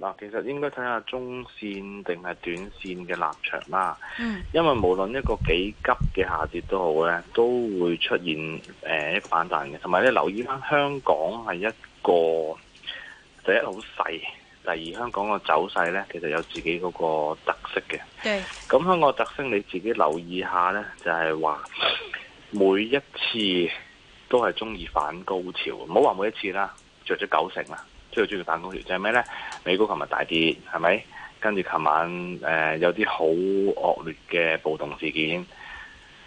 嗱，其實應該睇下中線定係短線嘅立場啦。嗯，因為無論一個幾急嘅下跌都好咧，都會出現誒一個、呃、反彈嘅。同埋你留意翻香港係一個第一好細，第二香港個走勢咧，其實有自己嗰個特色嘅。對，咁香港特色你自己留意一下咧，就係、是、話每一次都係中意反高潮。唔好話每一次啦，着咗九成啦。最中意辦公室，即係咩呢？美股琴日大跌，係咪？跟住琴晚誒、呃、有啲好惡劣嘅暴動事件。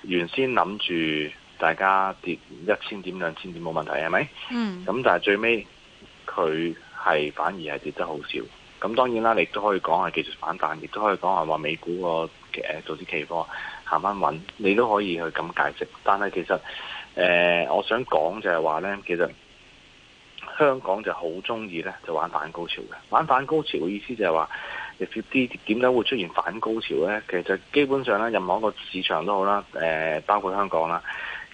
原先諗住大家跌一千點、兩千點冇問題，係咪？嗯。咁但係最尾佢係反而係跌得好少。咁當然啦，你都可以講係技術反彈，亦都可以講係話美股個誒道指期貨行翻穩，你都可以去咁解釋。但係其實誒、呃，我想講就係話呢，其實。香港就好中意咧，就玩反高潮嘅。玩反高潮嘅意思就係話，如果啲點解會出現反高潮呢？其實基本上咧，任何一個市場都好啦，誒，包括香港啦，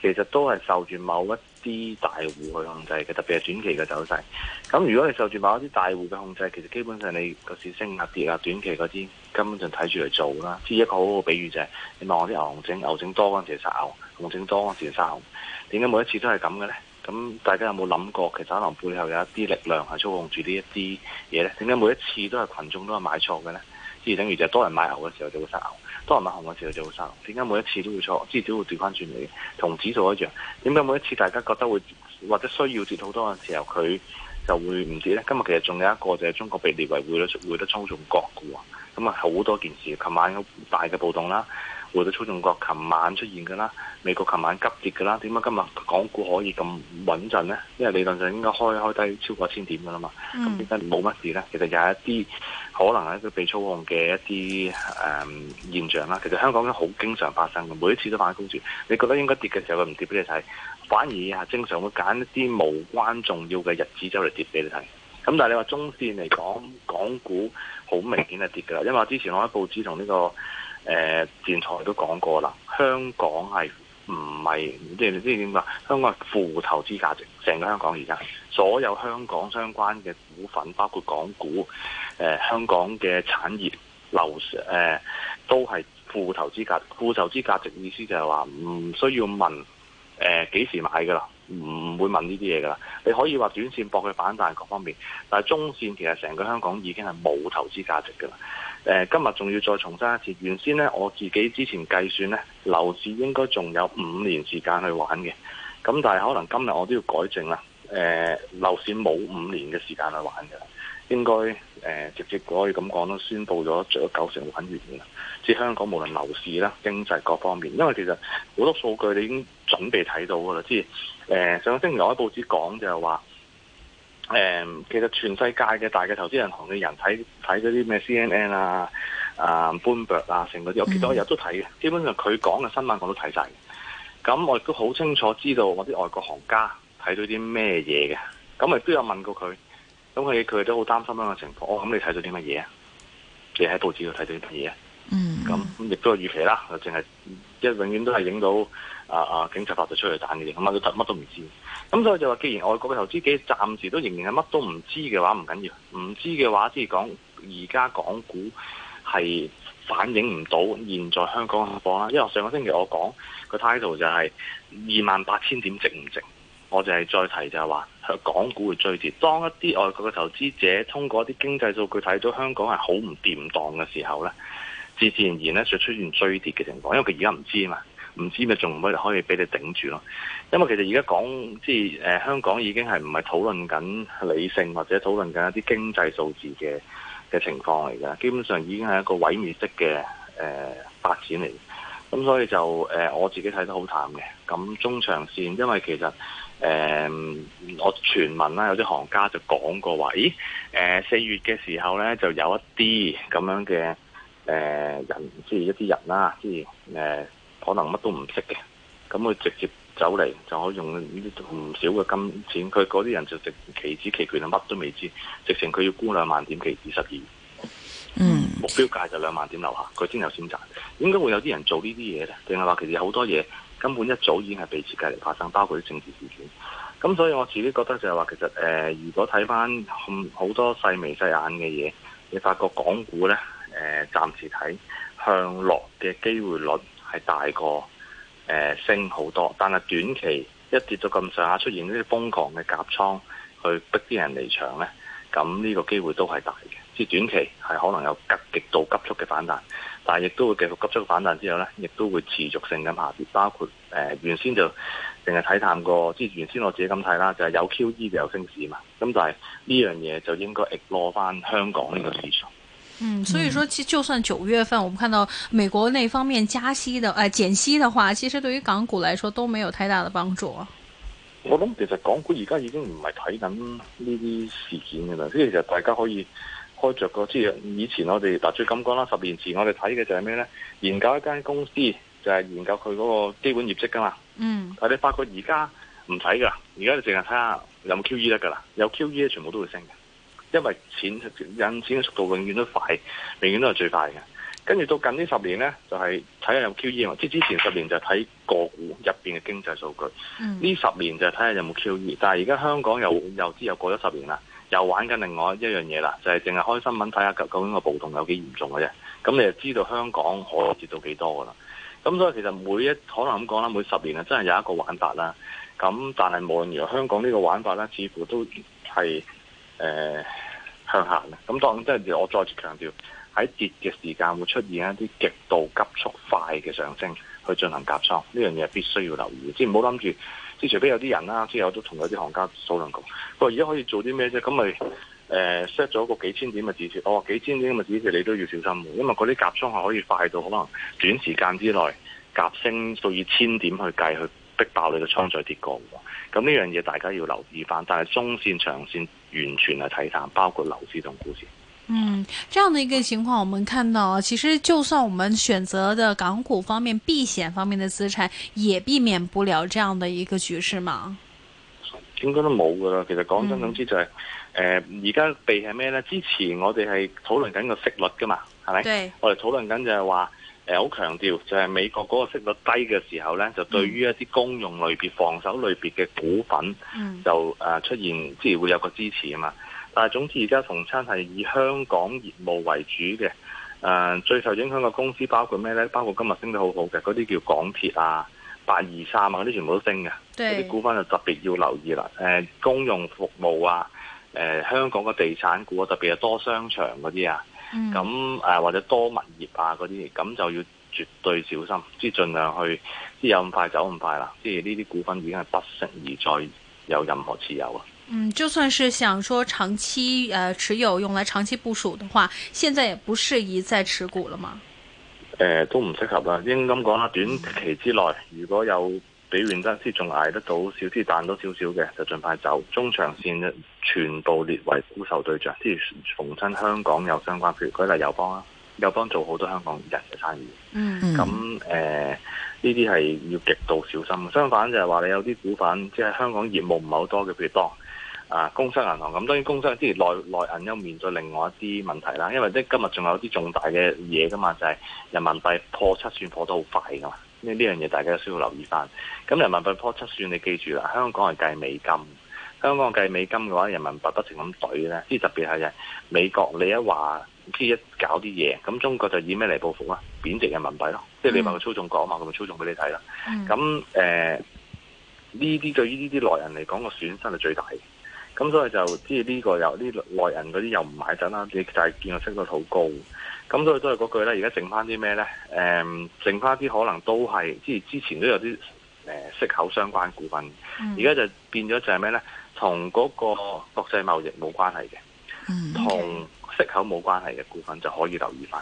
其實都係受住某一啲大戶去控制嘅，特別係短期嘅走勢。咁如果你受住某一啲大戶嘅控制，其實基本上你個市升壓跌啊，短期嗰啲根本就睇住嚟做啦。即係一個好好比喻就係，你望下啲牛熊證，牛證多嗰陣時殺，熊證多嗰陣時殺，點解每一次都係咁嘅呢？咁大家有冇諗過，其實可能背後有一啲力量係操控住呢一啲嘢呢？點解每一次都係群眾都係買錯嘅呢？即係等於就係多人買牛嘅時候就會殺牛，多人買熊嘅時候就會殺牛。點解每一次都會錯？至少會調翻轉嚟，同指數一樣。點解每一次大家覺得會或者需要跌好多嘅時候，佢就會唔跌呢？今日其實仲有一個就係、是、中國被列為匯率匯率操縱國嘅喎。咁啊好多件事，琴晚大嘅暴動啦。回到操縱國，琴晚出現嘅啦，美國琴晚急跌嘅啦，點解今日港股可以咁穩陣呢？因為理論上應該開開低超過千點嘅啦嘛，咁點解冇乜事咧？其實有一啲可能係一個被操控嘅一啲誒、嗯、現象啦。其實香港都好經常發生嘅，每一次都反公住。你覺得應該跌嘅時候佢唔跌俾你睇，反而係正常會揀一啲無關重要嘅日子周嚟跌俾你睇。咁但係你話中線嚟講，港股好明顯係跌嘅啦，因為我之前攞喺報紙同呢、這個。誒電台都講過啦，香港係唔係，你知唔知點解？香港係負投資價值，成個香港而家所有香港相關嘅股份，包括港股，誒、呃、香港嘅產業、樓誒、呃、都係負投資價值，負投資價值意思就係話唔需要問誒幾、呃、時買㗎啦，唔會問呢啲嘢㗎啦。你可以話短線博佢反彈各方面，但係中線其實成個香港已經係冇投資價值㗎啦。今日仲要再重申一次，原先咧我自己之前計算咧樓市應該仲有五年時間去玩嘅，咁但係可能今日我都要改正啦。樓市冇五年嘅時間去玩嘅，應該誒、呃、直接可以咁講都宣布咗最多九成會玩完㗎啦，即香港無論樓市啦、經濟各方面，因為其實好多數據你已經準備睇到㗎啦。知誒、呃、上星期有啲報紙講就話。誒、嗯，其實全世界嘅大嘅投資銀行嘅人睇睇嗰啲咩 CNN 啊、啊 Bloomberg 啊，成嗰啲，我幾多日都睇嘅。基本上佢講嘅新聞我都睇晒嘅。咁我亦都好清楚知道我啲外國行家睇到啲咩嘢嘅。咁亦都有問過佢。咁佢佢都好擔心咁嘅情況。我、哦、咁你睇到啲乜嘢啊？你喺報紙度睇到啲乜嘢啊？嗯。咁亦都有預期啦，就淨係即係永遠都係影到啊啊、呃、警察發咗出去彈嘅嘢，乜都乜都唔知。咁、嗯、所以就話，既然外國嘅投資者暫時都仍然係乜都唔知嘅話，唔緊要，要，唔知嘅話，即係講而家港股係反映唔到現在香港嘅情況啦。因為我上個星期我講個態度就係二萬八千點值唔值，我就係再提就係話港股會追跌。當一啲外國嘅投資者通過一啲經濟數據睇到香港係好唔掂當嘅時候呢，自自然然呢就出現追跌嘅情況，因為佢而家唔知嘛。唔知咪仲可以俾你頂住咯，因為其實而家講即係誒、呃、香港已經係唔係討論緊理性或者討論緊一啲經濟數字嘅嘅情況嚟嘅，基本上已經係一個毀滅式嘅誒、呃、發展嚟，咁所以就誒、呃、我自己睇得好淡嘅。咁中長線，因為其實誒、呃、我傳聞啦，有啲行家就講過話，咦誒四月嘅時候咧，就有一啲咁樣嘅誒、呃、人，即係一啲人啦、啊，即係誒。呃可能乜都唔識嘅，咁佢直接走嚟就可以用呢啲唔少嘅金錢。佢嗰啲人就直期指期權啊，乜都未知，直情佢要沽兩萬點，期指十二。嗯，目標價就兩萬點樓下，佢先有錢賺。點解會有啲人做呢啲嘢呢？定係話其實好多嘢根本一早已經係被設計嚟發生，包括啲政治事件。咁所以我自己覺得就係話，其實、呃、如果睇翻好多細眉細眼嘅嘢，你發覺港股呢，呃、暫時睇向落嘅機會率。係大過，誒、呃、升好多，但係短期一跌到咁上下，出現呢啲瘋狂嘅夾倉，去逼啲人離場呢。咁、這、呢個機會都係大嘅。即係短期係可能有急極度急速嘅反彈，但係亦都會繼續急速嘅反彈之後呢，亦都會持續性咁下跌。包括誒、呃、原先就淨係睇淡過，即係原先我自己咁睇啦，就係、是、有 QE 就有升市嘛。咁但係呢樣嘢就應該落返香港呢個市場。嗯嗯，所以說，就算九月份我們看到美國那方面加息的誒、呃、減息的話，其實對於港股來說都沒有太大的幫助。我諗其實港股而家已經唔係睇緊呢啲事件噶啦，即係其實大家可以開着個，即係以前我哋打最簡單啦，十年前我哋睇嘅就係咩呢？研究一間公司就係、是、研究佢嗰個基本業績噶嘛。嗯，但你發覺而家唔睇噶，而家你淨係睇下有冇 QE 得噶啦，有 QE 全部都會升嘅。因為錢引錢嘅速度永遠都快，永遠都係最快嘅。跟住到近呢十年呢，就係睇下有冇 QE。即之前十年就睇個股入面嘅經濟數據，呢十，嗯、年就睇下有冇 QE。但係而家香港又，嗯、又知又過咗十年啦，又玩緊另外一樣嘢啦，就係淨係開新聞睇下究竟個暴動有幾嚴重嘅啫。咁你就知道香港可接到幾多噶啦。咁所以其實每一可能咁講啦，每十年啊真係有一個玩法啦。咁但係無論如何，香港呢個玩法呢似乎都係誒。呃向下咧，咁當然即係我再次強調，喺跌嘅時間會出現一啲極度急速快嘅上升，去進行夾倉呢樣嘢必須要留意，即係唔好諗住，即係除非有啲人啦，即係我都同有啲行家討論過，佢話而家可以做啲咩啫？咁咪誒 set 咗個幾千點嘅止蝕，哦，幾幾千點嘅止蝕你都要小心，因為嗰啲夾倉係可以快到可能短時間之內夾升數以千點去計去。逼爆你個倉，再跌過，咁呢樣嘢大家要留意翻。但係中線、長線完全係睇淡，包括樓市同股市。嗯，這樣的一個情況，我們看到，其實就算我們選擇的港股方面、避險方面的資產，也避免不了這樣的一個局勢嘛？應該都冇噶啦。其實講真、就是，咁、嗯，之就係，誒，而家避係咩呢？之前我哋係討論緊個息率噶嘛，係咪？對。我哋討論緊就係話。誒好、欸、強調，就係、是、美國嗰個息率低嘅時候咧，就對於一啲公用類別、嗯、防守類別嘅股份，就、呃、出現，即係會有個支持啊嘛。但係總之而家同餐係以香港業務為主嘅，誒、呃、最受影響嘅公司包括咩咧？包括今日升得好好嘅嗰啲叫港鐵啊、八二三啊嗰啲，全部都升嘅。嗰啲對股份就特別要留意啦。誒、呃、公用服務啊，誒、呃、香港嘅地產股啊，特別係多商場嗰啲啊。咁誒、嗯呃、或者多物業啊嗰啲，咁就要絕對小心，即係盡量去，即有咁快走咁快啦，即係呢啲股份已經係不適宜再有任何持有啊。嗯，就算是想說長期誒、呃、持有，用來長期部署的話，現在也不適宜再持股了嗎？誒、呃，都唔適合啦，應該咁講啦，短期之內如果有。嗯比原則先，仲捱得到少啲，賺到少少嘅，就盡快走。中長線全部列為沽售對象。即係逢親香港有相關，譬如佢嚟友邦啦，友邦做好多香港人嘅生意。嗯咁誒，呢啲係要極度小心。相反就係話，你有啲股份即係香港業務唔係好多嘅，譬如當啊工商銀行咁。當然工商之前內內銀又面對另外一啲問題啦。因為即今日仲有啲重大嘅嘢噶嘛，就係、是、人民幣破七算破得好快噶嘛。呢呢樣嘢大家需要留意翻。咁人民幣破七算，你記住啦，香港係計美金。香港計美金嘅話，人民幣不停咁兌咧，即係特別係美國，你一話即係一搞啲嘢，咁中國就以咩嚟報復啊？貶值人民幣咯，即係、嗯、你話佢操縱國嘛，佢咪操縱俾你睇啦。咁誒呢啲對於呢啲內人嚟講，個損失係最大嘅。咁所以就即係呢個又呢內人嗰啲又唔買緊啦，你就係見到息率好高。咁所以都係嗰句咧，而家剩翻啲咩咧？誒、嗯，剩翻啲可能都係即係之前都有啲誒息口相關股份，而家、嗯、就變咗就係咩咧？同嗰個國際貿易冇關係嘅，同、嗯 okay. 息口冇關係嘅股份就可以留意翻。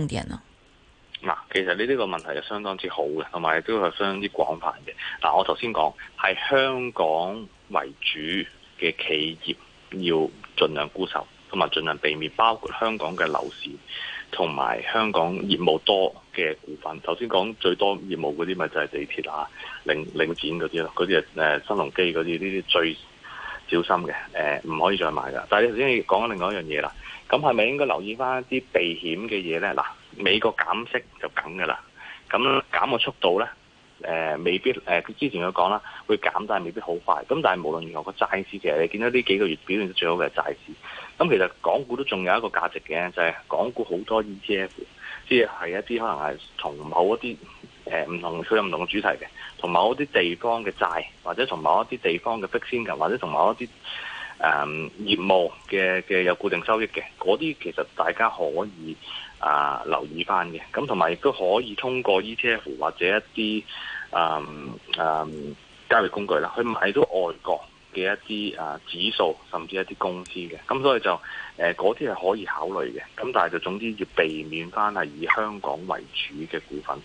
點。嗱，其實你呢個問題係相當之好嘅，同埋都係相當之廣泛嘅。嗱、啊，我頭先講係香港為主嘅企業，要盡量沽售，同埋盡量避免包括香港嘅樓市同埋香港業務多嘅股份。頭先講最多業務嗰啲咪就係地鐵啊、領領展嗰啲咯，嗰啲誒新鴻基嗰啲呢啲最小心嘅，誒唔可以再買噶。但係你頭先講緊另外一樣嘢啦。咁係咪應該留意翻一啲避險嘅嘢咧？嗱，美國減息就緊㗎啦。咁減嘅速度咧，誒、呃、未必誒、呃，之前佢講啦，會減，但係未必好快。咁但係無論如何，個債市其實你見到呢幾個月表現得最好嘅係債市。咁其實港股都仲有一個價值嘅，就係、是、港股好多 ETF，即係係一啲可能係同某一啲誒唔同佢有唔同嘅主題嘅，同某一啲地方嘅債，或者同某一啲地方嘅 bitcoin，或者同某一啲。誒、um, 業務嘅嘅有固定收益嘅嗰啲，那些其實大家可以啊留意翻嘅。咁同埋亦都可以通過 ETF 或者一啲誒誒交易工具啦，去買到外國嘅一啲、啊、指數，甚至一啲公司嘅。咁所以就誒嗰啲係可以考慮嘅。咁但係就總之要避免翻係以香港為主嘅股份，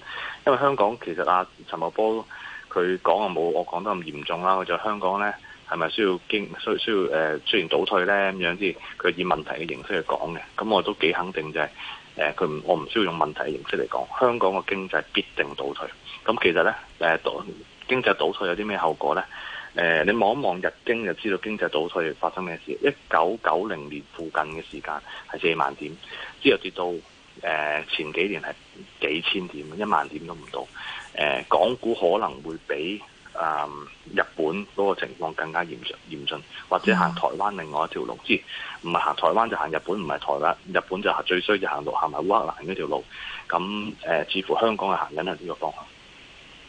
因為香港其實阿、啊、陳茂波佢講啊，冇我講得咁嚴重啦。佢就香港咧。係咪需要經需需要誒、呃、雖然倒退呢？咁樣啲，佢以問題嘅形式去講嘅，咁我都幾肯定就係誒，佢、呃、唔我唔需要用問題嘅形式嚟講。香港個經濟必定倒退。咁其實呢，誒、呃，倒經濟倒退有啲咩後果呢？誒、呃，你望一望日經就知道經濟倒退發生咩事。一九九零年附近嘅時間係四萬點，之後跌到誒、呃、前幾年係幾千點，一萬點都唔到、呃。港股可能會比。誒、嗯、日本嗰個情況更加嚴重嚴峻，或者行台灣另外一條路之，唔係行台灣就行日本，唔係台灣日本就係最衰就行到行埋烏克蘭嗰條路。咁誒、呃、似乎香港係行緊係呢個方向。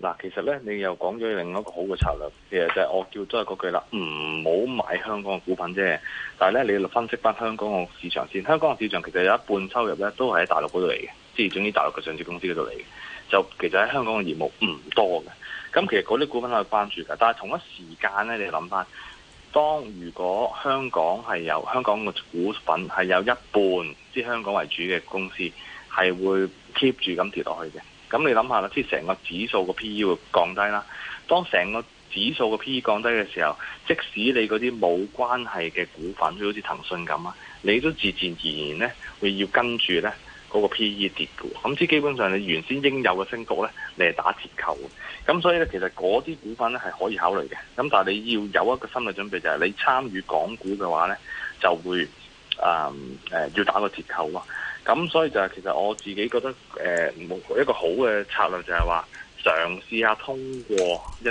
嗱，其實咧，你又講咗另一個好嘅策略，其實就係我叫都係嗰句啦，唔好買香港嘅股份啫。但係咧，你分析翻香港嘅市場先，香港嘅市場其實有一半收入咧都係喺大陸嗰度嚟嘅，即係總之大陸嘅上市公司嗰度嚟嘅，就其實喺香港嘅業務唔多嘅。咁其實嗰啲股份可以關注嘅，但係同一時間咧，你諗翻，當如果香港係有香港嘅股份係有一半，即香港為主嘅公司係會 keep 住咁跌落去嘅。咁你諗下啦，即係成個指數個 P E 會降低啦。當成個指數個 P E 降低嘅時候，即使你嗰啲冇關係嘅股份，好似騰訊咁啊，你都自自然然咧會要跟住咧嗰個 P E 跌嘅。咁即係基本上你原先應有嘅升幅咧，你係打折扣。咁所以咧，其實嗰啲股份咧係可以考慮嘅。咁但係你要有一個心理準備，就係、是、你參與港股嘅話咧，就會誒、呃呃、要打個折扣喎。咁所以就係其實我自己覺得，誒、呃，一個好嘅策略就係話，嘗試下通過一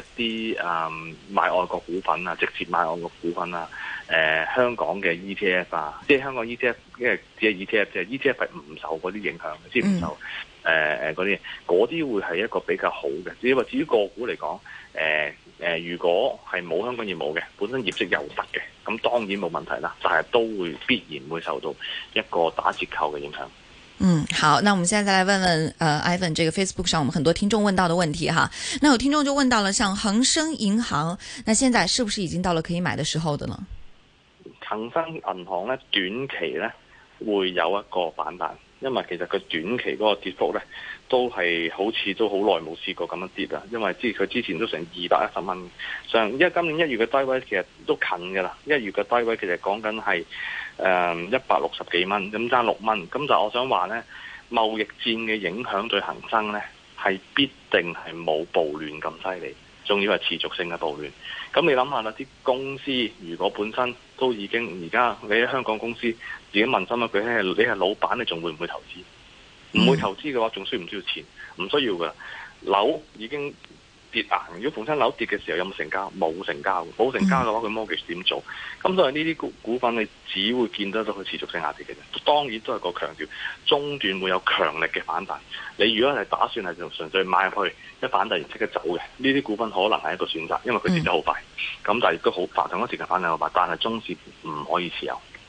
啲啊、嗯、買外國股份啊，直接買外國股份啊、呃、香港嘅 ETF 啊，即係香港 ETF，因為即係 ETF，即係 ETF 係唔受嗰啲影響嘅，即係唔受。誒誒，嗰啲嗰啲會係一個比較好嘅。只係話，至於個股嚟講，誒、呃、誒、呃，如果係冇香港業務嘅，本身業績優質嘅，咁、嗯、當然冇問題啦。但係都會必然會受到一個打折扣嘅影響。嗯，好，那我們現在再嚟問問，誒、呃、Ivan，這個 Facebook 上，我們很多聽眾問到的問題哈。那有聽眾就問到了，像恒生銀行，那現在是不是已經到了可以買的時候的呢？恒生銀行咧，短期咧會有一個反彈。因為其實佢短期嗰個跌幅咧，都係好似都好耐冇試過咁樣跌啦。因為之佢之前都成二百一十蚊，上，因為今年一月嘅低位其實都近㗎啦。一月嘅低位其實講緊係誒一百六十幾蚊，咁爭六蚊。咁就我想話咧，貿易戰嘅影響對恒生咧，係必定係冇暴亂咁犀利，仲要係持續性嘅暴亂，咁你諗下啦，啲公司如果本身都已經而家你喺香港公司自己問心一句，係你係老闆，你仲會唔會投資？嗯，唔會投資嘅話，仲需唔需要錢？唔需要噶，樓已經。如果逢親樓跌嘅時候有冇成交？冇成交的。冇成交嘅話，佢 mortgage 點做？咁所以呢啲股股份，你只會見得到佢持續性壓跌嘅啫。當然都係個強調，中段會有強力嘅反彈。你如果係打算係純粹買入去，一反彈而即刻走嘅，呢啲股份可能係一個選擇，因為佢跌得好快。咁但係亦都好快，同一時間反彈好快，但係中線唔可以持有。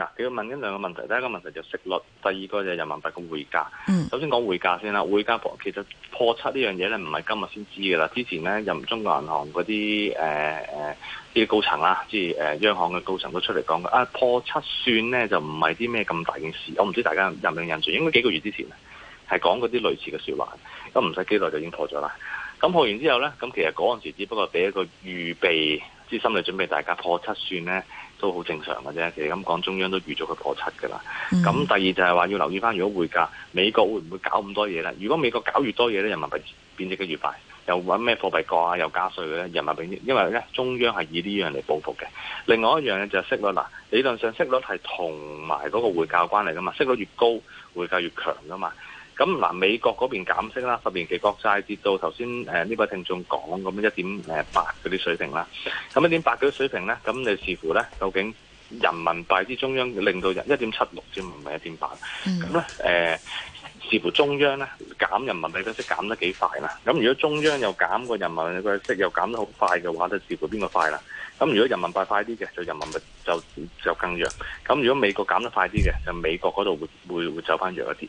嗱，你要問一兩個問題，第一個問題就息率，第二個就人民幣嘅匯價。嗯、首先講匯價先啦，匯價其實破七呢樣嘢咧，唔係今日先知嘅啦。之前咧，任中國銀行嗰啲誒誒啲高層啦，即係誒央行嘅高層都出嚟講嘅，啊破七算咧就唔係啲咩咁大件事。我唔知大家有唔有印象，應該幾個月之前係講嗰啲類似嘅説話，咁唔使幾耐就已經破咗啦。咁破完之後咧，咁其實嗰陣時只不過俾一個預備之心理準備大家破七算咧。都好正常嘅啫，其實咁講，中央都預咗佢破七㗎啦。咁、嗯、第二就係話要留意返，如果匯價美國會唔會搞咁多嘢咧？如果美國搞越多嘢咧，人民幣貶值嘅越快，又揾咩貨幣降啊？又加稅嘅咧，人民幣因為咧中央係以呢樣嚟報復嘅。另外一樣咧就係息率嗱、啊，理論上息率係同埋嗰個匯價關係噶嘛，息率越高，匯價越強噶嘛。咁嗱，美國嗰邊減息啦，十年期國債跌到頭先誒呢位聽眾講咁一點八嗰啲水平啦。咁一點八啲水平咧，咁你視乎咧究竟人民幣之中央令到人一點七六先唔係一點八。咁咧誒視乎中央咧減人民幣嘅息減得幾快啦。咁如果中央又減個人民幣嘅息又減得好快嘅話，就視乎邊個快啦。咁如果人民幣快啲嘅，就人民幣就就更弱。咁如果美國減得快啲嘅，就美國嗰度會會會走翻弱一啲。